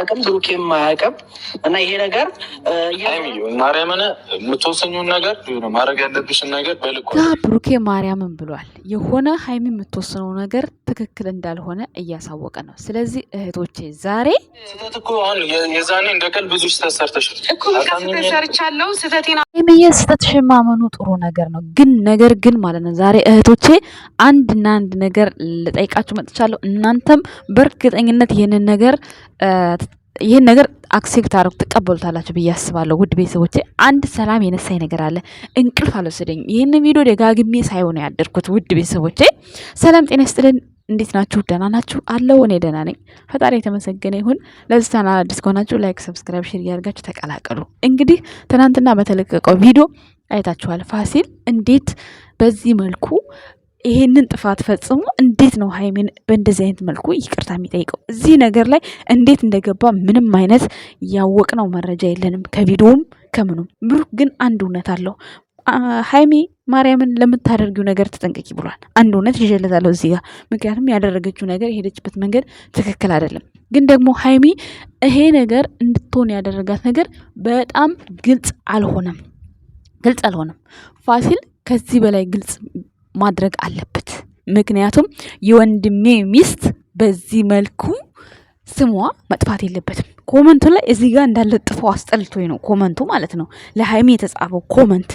አቅም ብሩክ የማያቅም እና ይሄ ነገር ማርያምን የምትወሰኙን ነገር ማድረግ ያለብሽን ነገር በልኩና ብሩኬ ማርያምን ብሏል። የሆነ ሀይሚ የምትወስነው ነገር ትክክል እንዳልሆነ እያሳወቀ ነው። ስለዚህ እህቶቼ ዛሬ ስህተት እኮ አሁን የዛኔ እንደ ቀል ብዙ ስህተት ሰርተሻል እኮ ሰርቻለሁ። ስህተቴን ሀይሚዬ ስህተትሽን ማመኑ ጥሩ ነገር ነው። ግን ነገር ግን ማለት ነው ዛሬ እህቶቼ አንድና አንድ ነገር ልጠይቃችሁ መጥቻለሁ። እናንተም በእርግጠኝነት ይህንን ነገር ይህን ነገር አክሴፕት አድርጉ ትቀበሉታላችሁ ብዬ አስባለሁ። ውድ ቤተሰቦች አንድ ሰላም የነሳኝ ነገር አለ። እንቅልፍ አልወሰደኝም። ይህን ቪዲዮ ደጋግሜ ሳይሆን ያደርኩት። ውድ ቤተሰቦቼ ሰላም ጤና ይስጥልን። እንዴት ናችሁ? ደህና ናችሁ? አለው እኔ ደህና ነኝ፣ ፈጣሪ የተመሰገነ ይሁን። ለዚህ ቻናል አዲስ ከሆናችሁ ላይክ፣ ሰብስክራይብ፣ ሼር እያደርጋችሁ ተቀላቀሉ። እንግዲህ ትናንትና በተለቀቀው ቪዲዮ አይታችኋል ፋሲል እንዴት በዚህ መልኩ ይሄንን ጥፋት ፈጽሞ እንዴት ነው ሀይሜን በእንደዚህ አይነት መልኩ ይቅርታ የሚጠይቀው? እዚህ ነገር ላይ እንዴት እንደገባ ምንም አይነት ያወቅነው መረጃ የለንም፣ ከቪዲዮም ከምኑም። ብሩክ ግን አንድ እውነት አለው ሀይሚ ማርያምን ለምታደርጊው ነገር ተጠንቀቂ ብሏል። አንድ እውነት ይዤለታለሁ እዚህ ጋር ምክንያቱም ያደረገችው ነገር የሄደችበት መንገድ ትክክል አይደለም። ግን ደግሞ ሀይሚ ይሄ ነገር እንድትሆን ያደረጋት ነገር በጣም ግልጽ አልሆነም፣ ግልጽ አልሆነም። ፋሲል ከዚህ በላይ ግልጽ ማድረግ አለበት። ምክንያቱም የወንድሜ ሚስት በዚህ መልኩ ስሟ መጥፋት የለበትም። ኮመንቱ ላይ እዚህ ጋር እንዳለጥፈው አስጠልቶኝ ነው ኮመንቱ ማለት ነው፣ ለሀይሚ የተጻፈው ኮመንት።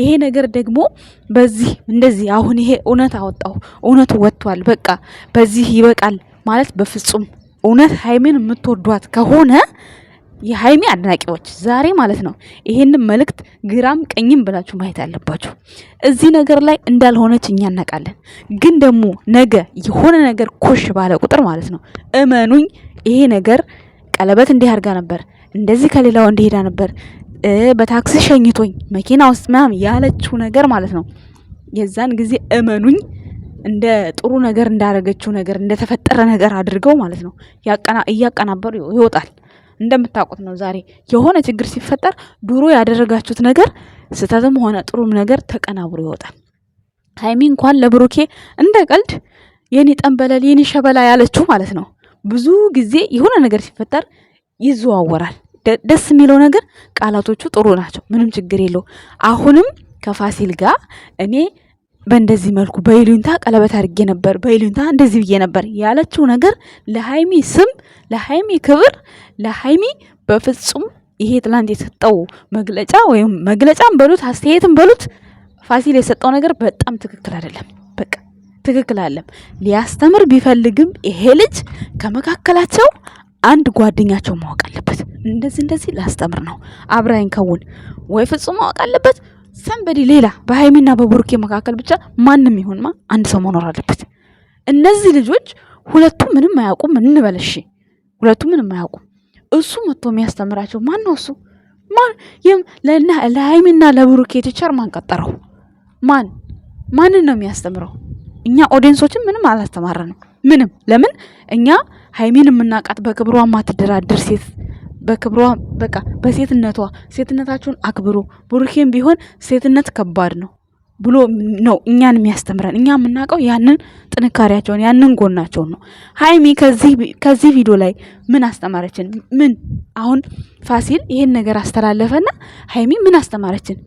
ይሄ ነገር ደግሞ በዚህ እንደዚህ አሁን ይሄ እውነት አወጣው እውነቱ ወጥቷል፣ በቃ በዚህ ይበቃል ማለት በፍጹም እውነት ሀይሚን የምትወዷት ከሆነ የሀይሚ አድናቂዎች ዛሬ ማለት ነው ይሄንን መልእክት ግራም ቀኝም ብላችሁ ማየት አለባችሁ። እዚህ ነገር ላይ እንዳልሆነች እኛ እናውቃለን። ግን ደግሞ ነገ የሆነ ነገር ኮሽ ባለ ቁጥር ማለት ነው እመኑኝ ይሄ ነገር ቀለበት እንዲህ አድርጋ ነበር፣ እንደዚህ ከሌላው እንዲሄዳ ነበር፣ በታክሲ ሸኝቶኝ መኪና ውስጥ ምናምን ያለችው ነገር ማለት ነው የዛን ጊዜ እመኑኝ እንደ ጥሩ ነገር እንዳረገችው ነገር እንደተፈጠረ ነገር አድርገው ማለት ነው እያቀናበሩ ይወጣል። እንደምታውቁት ነው። ዛሬ የሆነ ችግር ሲፈጠር ድሮ ያደረጋችሁት ነገር ስህተትም ሆነ ጥሩም ነገር ተቀናብሮ ይወጣል። ሀይሚ እንኳን ለብሩኬ እንደ ቀልድ የኔ ጠንበለል የኔ ሸበላ ያለችው ማለት ነው። ብዙ ጊዜ የሆነ ነገር ሲፈጠር ይዘዋወራል። ደስ የሚለው ነገር ቃላቶቹ ጥሩ ናቸው። ምንም ችግር የለው። አሁንም ከፋሲል ጋር እኔ በእንደዚህ መልኩ በይሉኝታ ቀለበት አድርጌ ነበር፣ በይሉኝታ እንደዚህ ብዬ ነበር ያለችው ነገር ለሀይሚ ስም ለሀይሚ ክብር ለሀይሚ በፍጹም ይሄ ትላንት የሰጠው መግለጫ ወይም መግለጫም በሉት አስተያየትም በሉት ፋሲል የሰጠው ነገር በጣም ትክክል አይደለም። በቃ ትክክል አለም ሊያስተምር ቢፈልግም ይሄ ልጅ ከመካከላቸው አንድ ጓደኛቸው ማወቅ አለበት። እንደዚህ እንደዚህ ላስተምር ነው አብራይን ከውን ወይ ፍጹም ማወቅ አለበት። ሰንበዲ ሌላ በሀይሚና በቡርኬ መካከል ብቻ ማንም ማ አንድ ሰው መኖር አለበት። እነዚህ ልጆች ሁለቱ ምንም አያውቁም እንበለሽ፣ ሁለቱ ምንም አያውቁም። እሱ መጥቶ የሚያስተምራቸው ማን ነው? እሱ ማን? ለሀይሚና ለብሩኬ ቲቸር ማን ቀጠረው? ማን ማንን ነው የሚያስተምረው? እኛ ኦዲየንሶችን ምንም አላስተማረንም። ምንም ለምን እኛ ሀይሚን የምናውቃት በክብሯ ማትደራደር ሴት በክብሯ በቃ በሴትነቷ ሴትነታችሁን አክብሩ። ብሩኬም ቢሆን ሴትነት ከባድ ነው። ብሎ ነው እኛን የሚያስተምረን። እኛ የምናውቀው ያንን ጥንካሬያቸውን ያንን ጎናቸውን ነው። ሀይሚ ከዚህ ቪዲዮ ላይ ምን አስተማረችን? ምን አሁን ፋሲል ይሄን ነገር አስተላለፈና ሀይሚ ምን አስተማረችን?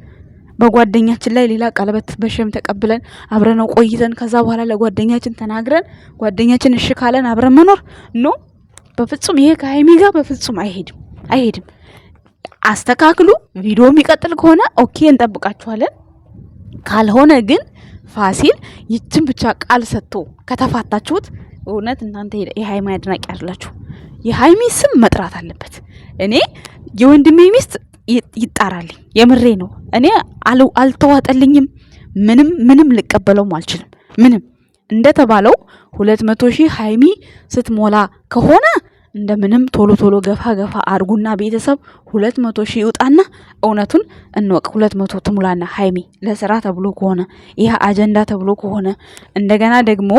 በጓደኛችን ላይ ሌላ ቀለበት በሸም ተቀብለን አብረነው ቆይተን ከዛ በኋላ ለጓደኛችን ተናግረን ጓደኛችን እሽካለን ካለን አብረን መኖር ኖ፣ በፍጹም ይሄ ከሀይሚ ጋር በፍጹም አይሄድም አይሄድም። አስተካክሉ። ቪዲዮ የሚቀጥል ከሆነ ኦኬ እንጠብቃችኋለን። ካልሆነ ግን ፋሲል ይችን ብቻ ቃል ሰጥቶ ከተፋታችሁት እውነት እናንተ የሀይሚ አድናቂ አይደላችሁ። የሀይሚ ስም መጥራት አለበት። እኔ የወንድሜ ሚስት ይጣራልኝ፣ የምሬ ነው። እኔ አልተዋጠልኝም። ምንም ምንም ልቀበለውም አልችልም። ምንም እንደተባለው ሁለት መቶ ሺህ ሀይሚ ስትሞላ ከሆነ እንደምንም ቶሎ ቶሎ ገፋ ገፋ አድርጉና ቤተሰብ ሁለት መቶ ሺህ ይውጣና እውነቱን እንወቅ። ሁለት መቶ ትሙላና ሀይሚ ለስራ ተብሎ ከሆነ ይህ አጀንዳ ተብሎ ከሆነ እንደገና ደግሞ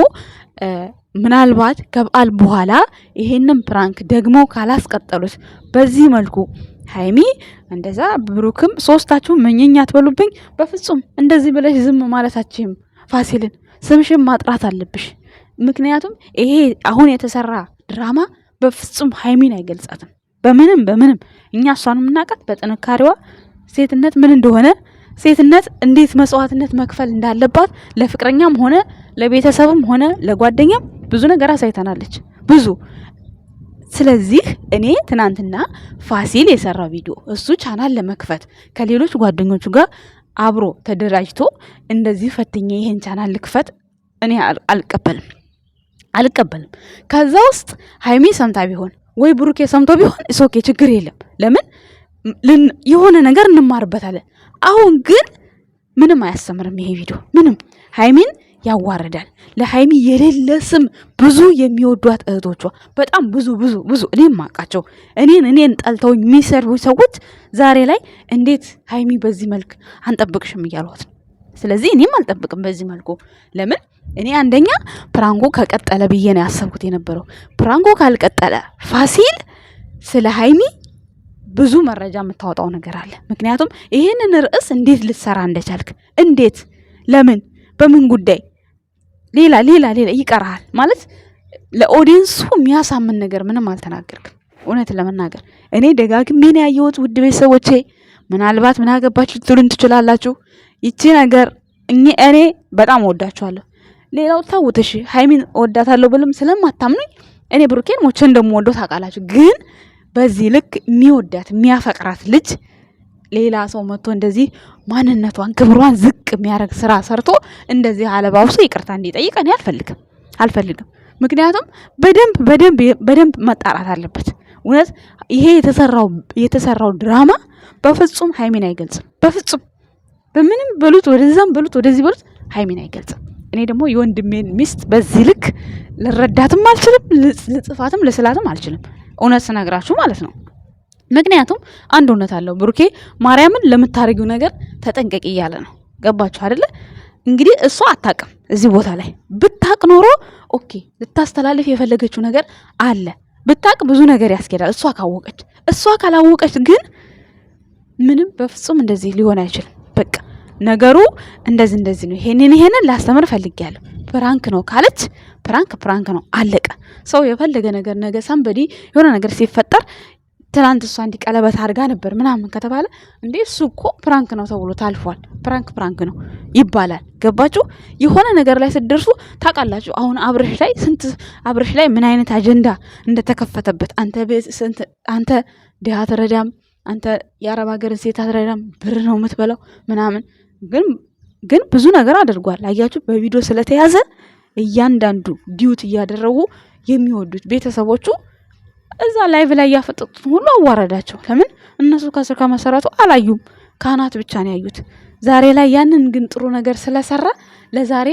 ምናልባት ከበዓል በኋላ ይሄንን ፕራንክ ደግሞ ካላስቀጠሉት በዚህ መልኩ ሀይሚ እንደዛ ብሩክም ሶስታችሁም ምኝኛ አትበሉብኝ። በፍጹም እንደዚህ ብለሽ ዝም ማለታችም ፋሲልን ስምሽም ማጥራት አለብሽ። ምክንያቱም ይሄ አሁን የተሰራ ድራማ በፍጹም ሀይሚን አይገልጻትም። በምንም በምንም እኛ እሷን የምናውቃት በጥንካሬዋ ሴትነት ምን እንደሆነ ሴትነት እንዴት መስዋዕትነት መክፈል እንዳለባት ለፍቅረኛም ሆነ ለቤተሰብም ሆነ ለጓደኛም ብዙ ነገር አሳይተናለች ብዙ። ስለዚህ እኔ ትናንትና ፋሲል የሰራው ቪዲዮ እሱ ቻናል ለመክፈት ከሌሎች ጓደኞቹ ጋር አብሮ ተደራጅቶ እንደዚህ ፈትኜ ይሄን ቻናል ልክፈት እኔ አልቀበልም። አልቀበልም። ከዛ ውስጥ ሀይሚ ሰምታ ቢሆን ወይ ብሩኬ ሰምቶ ቢሆን እሶኬ ችግር የለም። ለምን የሆነ ነገር እንማርበታለን። አሁን ግን ምንም አያስተምርም ይሄ ቪዲዮ ምንም ሀይሚን ያዋርዳል። ለሀይሚ የሌለ ስም ብዙ የሚወዷት እህቶቿ በጣም ብዙ ብዙ ብዙ እኔም ማቃቸው እኔን እኔን ጠልተው የሚሰሩ ሰዎች ዛሬ ላይ እንዴት ሀይሚ በዚህ መልክ አንጠብቅሽም እያሏት። ስለዚህ እኔም አልጠብቅም በዚህ መልኩ ለምን እኔ አንደኛ ፕራንጎ ከቀጠለ ብዬ ነው ያሰብኩት የነበረው። ፕራንጎ ካልቀጠለ ፋሲል ስለ ሀይሚ ብዙ መረጃ የምታወጣው ነገር አለ። ምክንያቱም ይህንን ርዕስ እንዴት ልትሰራ እንደቻልክ እንዴት፣ ለምን፣ በምን ጉዳይ ሌላ ሌላ ሌላ ይቀርሃል ማለት ለኦዲየንሱ የሚያሳምን ነገር ምንም አልተናገርክም። እውነት ለመናገር እኔ ደጋግሜ ነው ያየሁት። ውድ ቤተሰቦቼ ምናልባት ምን አገባችሁ ትችላላችሁ። ይቺ ነገር እኔ በጣም ወዳችኋለሁ። ሌላው ታውት እሺ ሀይሚን እወዳታለሁ ብልም ስለማታምነኝ እኔ ብሩኬን ሞቼ እንደምወደው ታውቃላችሁ። ግን በዚህ ልክ የሚወዳት የሚያፈቅራት ልጅ ሌላ ሰው መጥቶ እንደዚህ ማንነቷን ክብሯን ዝቅ የሚያደርግ ስራ ሰርቶ እንደዚህ አለባብሶ ይቅርታ እንዲጠይቅ እኔ አልፈልግም አልፈልግም። ምክንያቱም በደንብ በደንብ በደንብ መጣራት አለበት። እውነት ይሄ የተሰራው የተሰራው ድራማ በፍጹም ሀይሚን አይገልጽም። በፍጹም በምንም በሉት ወደዛም በሉት ወደዚህ በሉት ሀይሚን አይገልጽም። እኔ ደግሞ የወንድሜን ሚስት በዚህ ልክ ልረዳትም አልችልም፣ ልጽፋትም ልስላትም አልችልም። እውነት ስነግራችሁ ማለት ነው። ምክንያቱም አንድ እውነት አለው ብሩኬ ማርያምን ለምታደርጊው ነገር ተጠንቀቂ እያለ ነው። ገባችሁ አይደለ? እንግዲህ እሷ አታቅም። እዚህ ቦታ ላይ ብታቅ ኖሮ ኦኬ፣ ልታስተላልፍ የፈለገችው ነገር አለ። ብታቅ ብዙ ነገር ያስኬዳል፣ እሷ ካወቀች። እሷ ካላወቀች ግን ምንም በፍጹም እንደዚህ ሊሆን አይችልም። ነገሩ እንደዚህ እንደዚህ ነው፣ ይሄንን ይሄንን ላስተምር ፈልጌያለሁ። ፕራንክ ነው ካለች ፕራንክ ፕራንክ ነው አለቀ። ሰው የፈለገ ነገር ነገ ሳምበዲ የሆነ ነገር ሲፈጠር ትናንት እሷ እንዲህ ቀለበት አድርጋ ነበር ምናምን ከተባለ እንዴ እሱ እኮ ፕራንክ ነው ተብሎ ታልፏል። ፕራንክ ፕራንክ ነው ይባላል። ገባችሁ? የሆነ ነገር ላይ ስትደርሱ ታውቃላችሁ። አሁን አብረሽ ላይ ስንት አብረሽ ላይ ምን አይነት አጀንዳ እንደተከፈተበት አንተ ስንት አንተ ድሃ ትረዳም፣ አንተ የአረብ ሀገርን ሴት አትረዳም፣ ብር ነው የምትበላው ምናምን ግን ግን ብዙ ነገር አድርጓል። አያችሁ በቪዲዮ ስለተያዘ እያንዳንዱ ዲዩት እያደረጉ የሚወዱት ቤተሰቦቹ እዛ ላይቭ ላይ እያፈጠጡት ሁሉ አዋረዳቸው። ለምን እነሱ ከስር ከመሰረቱ አላዩም፣ ካህናት ብቻ ነው ያዩት። ዛሬ ላይ ያንን ግን ጥሩ ነገር ስለሰራ ለዛሬ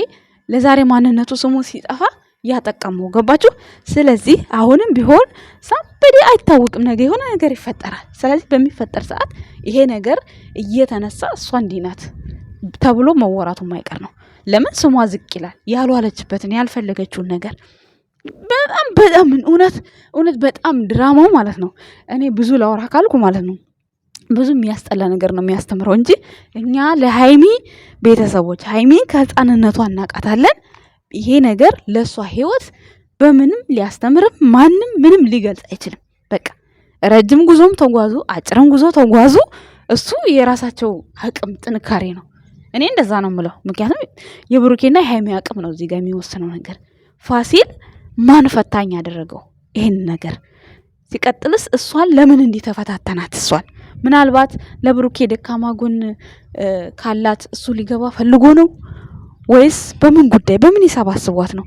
ለዛሬ ማንነቱ ስሙ ሲጠፋ ያጠቀመው ገባችሁ። ስለዚህ አሁንም ቢሆን ሳምበዴ አይታወቅም፣ ነገ የሆነ ነገር ይፈጠራል። ስለዚህ በሚፈጠር ሰዓት ይሄ ነገር እየተነሳ እሷ እንዲህ ናት ተብሎ መወራቱ ማይቀር ነው። ለምን ስሟ ዝቅ ይላል። ያልዋለችበትን ያልፈለገችውን ነገር በጣም በጣም እውነት እውነት በጣም ድራማው ማለት ነው። እኔ ብዙ ላወራ ካልኩ ማለት ነው ብዙ የሚያስጠላ ነገር ነው የሚያስተምረው እንጂ እኛ ለሀይሚ ቤተሰቦች ሀይሚን ከህፃንነቷ እናቃታለን። ይሄ ነገር ለእሷ ህይወት በምንም ሊያስተምርም ማንም ምንም ሊገልጽ አይችልም። በቃ ረጅም ጉዞም ተጓዙ፣ አጭርም ጉዞ ተጓዙ፣ እሱ የራሳቸው አቅም ጥንካሬ ነው። እኔ እንደዛ ነው ምለው ምክንያቱም የብሩኬና የሀይሚ አቅም ነው እዚህ ጋር የሚወስነው ነገር። ፋሲል ማን ፈታኝ ያደረገው ይህን ነገር? ሲቀጥልስ እሷን ለምን እንዲተፈታተናት? እሷን ምናልባት ለብሩኬ ደካማ ጎን ካላት እሱ ሊገባ ፈልጎ ነው ወይስ በምን ጉዳይ በምን ይሰባስቧት ነው?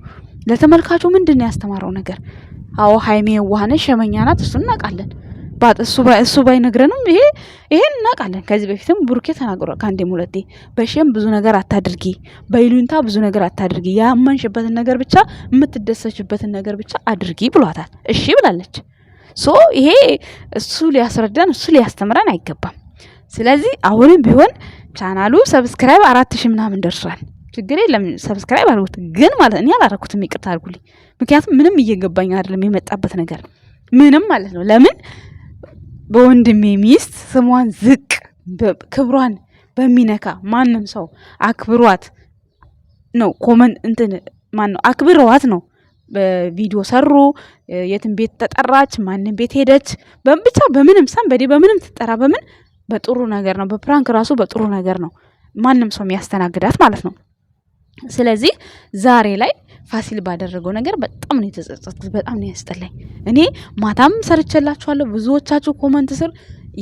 ለተመልካቹ ምንድን ነው ያስተማረው ነገር? አዎ ሀይሜ የዋህ ሸመኛ ናት፣ እሱ እናውቃለን። አባት እሱ ባይነግረንም ይሄ ይሄን እናውቃለን። ከዚህ በፊትም ቡርኬ ተናግሯል ከአንዴም ሁለቴ። በሽም ብዙ ነገር አታድርጊ፣ በይሉኝታ ብዙ ነገር አታድርጊ፣ ያመንሽበትን ነገር ብቻ የምትደሰችበትን ነገር ብቻ አድርጊ ብሏታል። እሺ ብላለች። ሶ ይሄ እሱ ሊያስረዳን እሱ ሊያስተምረን አይገባም። ስለዚህ አሁንም ቢሆን ቻናሉ ሰብስክራይብ አራት ሺ ምናምን ደርሷል። ችግር የለም ሰብስክራይብ አድርጉት። ግን ማለት እኔ አላረኩትም፣ ይቅርታ አድርጉልኝ። ምክንያቱም ምንም እየገባኝ አይደለም የመጣበት ነገር ምንም ማለት ነው ለምን በወንድሜ ሚስት ስሟን ዝቅ ክብሯን በሚነካ ማንም ሰው አክብሯት ነው ኮመን እንትን ማን ነው አክብረዋት ነው በቪዲዮ ሰሩ። የትን ቤት ተጠራች፣ ማንም ቤት ሄደች፣ ብቻ በምንም ሰንበዴ በምንም ትጠራ በምን በጥሩ ነገር ነው። በፕራንክ ራሱ በጥሩ ነገር ነው ማንም ሰው የሚያስተናግዳት ማለት ነው። ስለዚህ ዛሬ ላይ ፋሲል ባደረገው ነገር በጣም ነው የተጸጸትኩት። በጣም ነው ያስጠላኝ። እኔ ማታም ሰርቼላችኋለሁ። ብዙዎቻችሁ ኮመንት ስር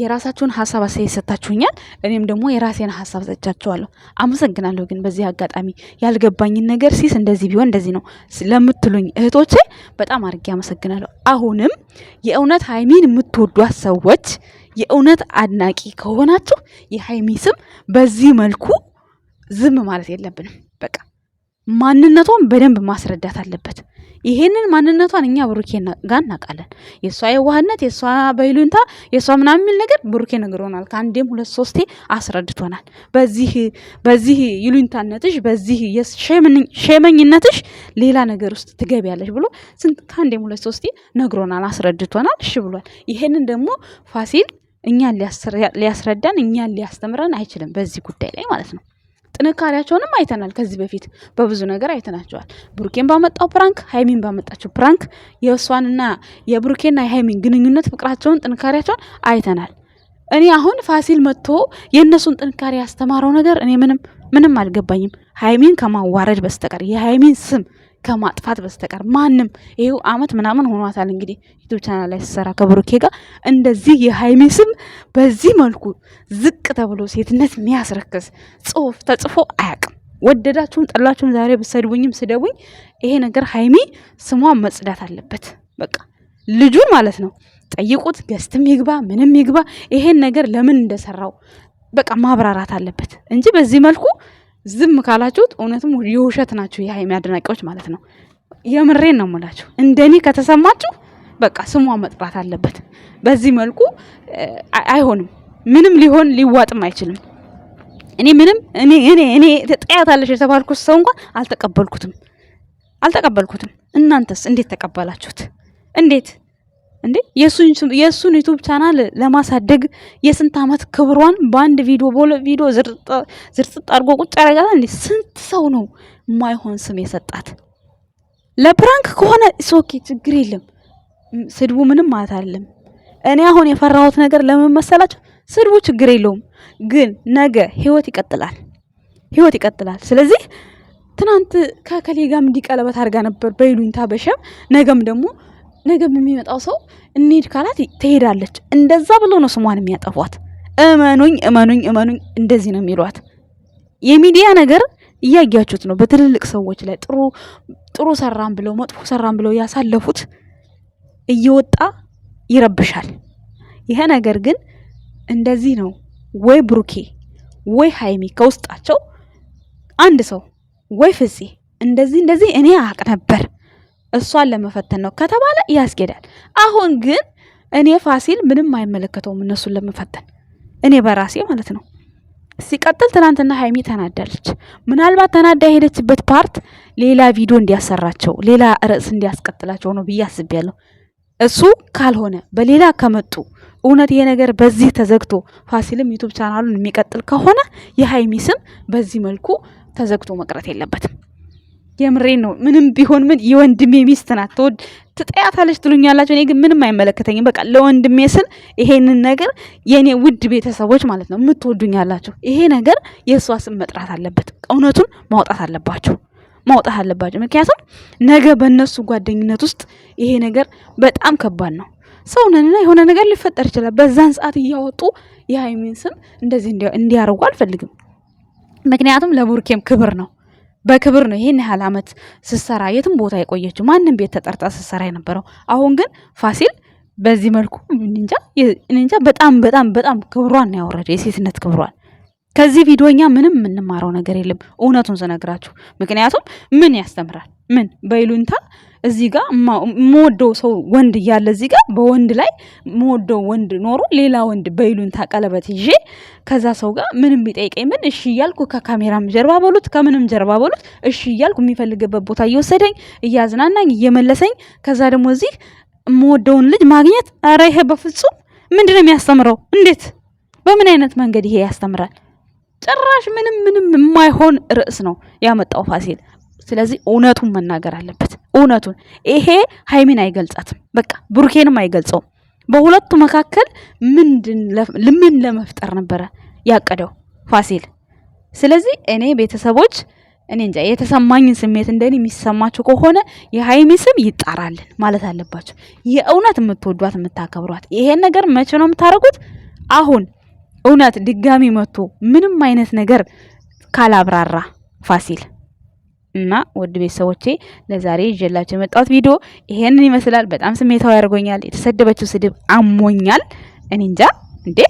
የራሳችሁን ሀሳብ አስተያየት ሰጥታችሁኛል። እኔም ደግሞ የራሴን ሀሳብ ሰጥቻችኋለሁ። አመሰግናለሁ። ግን በዚህ አጋጣሚ ያልገባኝን ነገር ሲስ እንደዚህ ቢሆን እንደዚህ ነው ለምትሉኝ እህቶቼ በጣም አድርጌ አመሰግናለሁ። አሁንም የእውነት ሀይሚን የምትወዷት ሰዎች የእውነት አድናቂ ከሆናችሁ የሀይሚ ስም በዚህ መልኩ ዝም ማለት የለብንም በቃ ማንነቷን በደንብ ማስረዳት አለበት። ይሄንን ማንነቷን እኛ ብሩኬ ጋር እናውቃለን። የእሷ የዋህነት፣ የእሷ በይሉንታ፣ የእሷ ምናምን የሚል ነገር ብሩኬ ነግሮናል። ከአንዴም ሁለት ሶስቴ አስረድቶናል። በዚህ በዚህ ይሉንታነትሽ፣ በዚህ ሸመኝነትሽ ሌላ ነገር ውስጥ ትገቢያለሽ ብሎ ስንት ከአንዴም ሁለት ሶስቴ ነግሮናል፣ አስረድቶናል። እሺ ብሏል። ይሄንን ደግሞ ፋሲል እኛን ሊያስረዳን እኛን ሊያስተምረን አይችልም፣ በዚህ ጉዳይ ላይ ማለት ነው። ጥንካሬያቸውንም አይተናል። ከዚህ በፊት በብዙ ነገር አይተናቸዋል። ብሩኬን ባመጣው ፕራንክ፣ ሀይሚን ባመጣቸው ፕራንክ የእሷንና የብሩኬና የሀይሚን ግንኙነት፣ ፍቅራቸውን፣ ጥንካሬያቸውን አይተናል። እኔ አሁን ፋሲል መጥቶ የእነሱን ጥንካሬ ያስተማረው ነገር እኔ ምንም ምንም አልገባኝም። ሀይሚን ከማዋረድ በስተቀር የሀይሚን ስም ከማጥፋት በስተቀር ማንም ይሄው አመት ምናምን ሆኗታል። እንግዲህ ዩቱብ ቻናል ላይ ስትሰራ ከብሩኬ ጋር እንደዚህ የሀይሜ ስም በዚህ መልኩ ዝቅ ተብሎ ሴትነት የሚያስረክስ ጽሁፍ ተጽፎ አያውቅም። ወደዳችሁም ጠላችሁም፣ ዛሬ ብሰድቡኝም ስደቡኝ፣ ይሄ ነገር ሀይሜ ስሟ መጽዳት አለበት። በቃ ልጁ ማለት ነው ጠይቁት። ገስትም ይግባ ምንም ይግባ፣ ይሄን ነገር ለምን እንደሰራው በቃ ማብራራት አለበት እንጂ በዚህ መልኩ ዝም ካላችሁት እውነትም የውሸት ናችሁ፣ የሀይሚ አድናቂዎች ማለት ነው። የምሬን ነው የምላችሁ። እንደኔ ከተሰማችሁ በቃ ስሟ መጥራት አለበት። በዚህ መልኩ አይሆንም፣ ምንም ሊሆን ሊዋጥም አይችልም። እኔ ምንም እኔ እኔ እኔ ትጠያታለሽ የተባልኩት ሰው እንኳን አልተቀበልኩትም አልተቀበልኩትም። እናንተስ እንዴት ተቀበላችሁት? እንዴት እንዴ የእሱን ዩቱብ ቻናል ለማሳደግ የስንት ዓመት ክብሯን በአንድ ቪዲዮ በሁለት ቪዲዮ ዝርጥጥ አድርጎ ቁጭ ያደርጋታል። እንዴ ስንት ሰው ነው ማይሆን ስም የሰጣት? ለፕራንክ ከሆነ ሶኬ ችግር የለም ስድቡ ምንም ማለት አይደለም። እኔ አሁን የፈራሁት ነገር ለምን መሰላቸው? ስድቡ ችግር የለውም ግን ነገ ህይወት ይቀጥላል፣ ህይወት ይቀጥላል። ስለዚህ ትናንት ከከሌ ጋም እንዲቀለበት አድርጋ ነበር በይሉኝታ በሸም ነገም ደግሞ ነገም የሚመጣው ሰው እንሄድ ካላት ትሄዳለች። እንደዛ ብሎ ነው ስሟን የሚያጠፏት። እመኑኝ እመኑኝ እመኑኝ እንደዚህ ነው የሚሏት። የሚዲያ ነገር እያያችሁት ነው። በትልልቅ ሰዎች ላይ ጥሩ ጥሩ ሰራን ብለው መጥፎ ሰራም ብለው ያሳለፉት እየወጣ ይረብሻል። ይሄ ነገር ግን እንደዚህ ነው ወይ ብሩኬ ወይ ሀይሚ ከውስጣቸው አንድ ሰው ወይ ፍፄ እንደዚህ እንደዚህ እኔ አቅ ነበር እሷን ለመፈተን ነው ከተባለ ያስኬዳል። አሁን ግን እኔ ፋሲል ምንም አይመለከተውም እነሱን ለመፈተን እኔ በራሴ ማለት ነው። ሲቀጥል ትናንትና ሀይሚ ተናዳለች። ምናልባት ተናዳ የሄደችበት ፓርት ሌላ ቪዲዮ እንዲያሰራቸው ሌላ ርዕስ እንዲያስቀጥላቸው ነው ብዬ አስቤያለሁ። እሱ ካልሆነ በሌላ ከመጡ እውነት ይሄ ነገር በዚህ ተዘግቶ ፋሲልም ዩቱብ ቻናሉን የሚቀጥል ከሆነ የሀይሚ ስም በዚህ መልኩ ተዘግቶ መቅረት የለበትም። የምሬን ነው። ምንም ቢሆን ምን የወንድሜ ሚስት ናት ተወድ ትጠያታለች ትሉኛላችሁ። እኔ ግን ምንም አይመለከተኝም። በቃ ለወንድሜ ስል ይሄንን ነገር የእኔ ውድ ቤተሰቦች ማለት ነው የምትወዱኛላችሁ፣ ይሄ ነገር የእሷ ስም መጥራት አለበት። እውነቱን ማውጣት አለባቸው ማውጣት አለባቸው ምክንያቱም ነገ በእነሱ ጓደኝነት ውስጥ ይሄ ነገር በጣም ከባድ ነው። ነንና የሆነ ነገር ሊፈጠር ይችላል። በዛን ሰዓት እያወጡ የሀይሚን ስም እንደዚህ እንዲያርጉ አልፈልግም። ምክንያቱም ለቡርኬም ክብር ነው በክብር ነው ይሄን ያህል ዓመት ስሰራ የትም ቦታ የቆየችው ማንም ቤት ተጠርጣ ስሰራ የነበረው። አሁን ግን ፋሲል በዚህ መልኩ እንጃ በጣም በጣም በጣም ክብሯን ነው ያወረደ የሴትነት ክብሯን ከዚህ ቪዲዮ እኛ ምንም የምንማረው ነገር የለም፣ እውነቱን ስነግራችሁ። ምክንያቱም ምን ያስተምራል? ምን በይሉንታ እዚህ ጋር የምወደው ሰው ወንድ እያለ እዚህ ጋር በወንድ ላይ መወደው ወንድ ኖሮ ሌላ ወንድ በይሉንታ ቀለበት ይዤ ከዛ ሰው ጋር ምንም ቢጠይቀኝ ምን እሺ እያልኩ ከካሜራም ጀርባ በሉት ከምንም ጀርባ በሉት እሺ እያልኩ የሚፈልግበት ቦታ እየወሰደኝ እያዝናናኝ እየመለሰኝ ከዛ ደግሞ እዚህ መወደውን ልጅ ማግኘት፣ ኧረ ይሄ በፍጹም ምንድን ነው የሚያስተምረው? እንዴት በምን አይነት መንገድ ይሄ ያስተምራል? ጭራሽ ምንም ምንም የማይሆን ርዕስ ነው ያመጣው ፋሲል። ስለዚህ እውነቱን መናገር አለበት። እውነቱን ይሄ ሀይሚን አይገልጻትም፣ በቃ ብሩኬንም አይገልጸውም። በሁለቱ መካከል ምን ለመፍጠር ነበረ ያቀደው ፋሲል? ስለዚህ እኔ ቤተሰቦች እኔ እንጃ የተሰማኝን ስሜት እንደኔ የሚሰማችሁ ከሆነ የሀይሚ ስም ይጣራልን ማለት አለባችሁ። የእውነት የምትወዷት የምታከብሯት፣ ይሄን ነገር መቼ ነው የምታደርጉት? አሁን እውነት ድጋሚ መጥቶ ምንም አይነት ነገር ካላብራራ ፋሲል እና ውድ ቤተሰቦቼ ለዛሬ ይዤላችሁ የመጣሁት ቪዲዮ ይሄንን ይመስላል። በጣም ስሜታዊ ያደርጎኛል። የተሰደበችው ስድብ አሞኛል። እኔ እንጃ እንዴ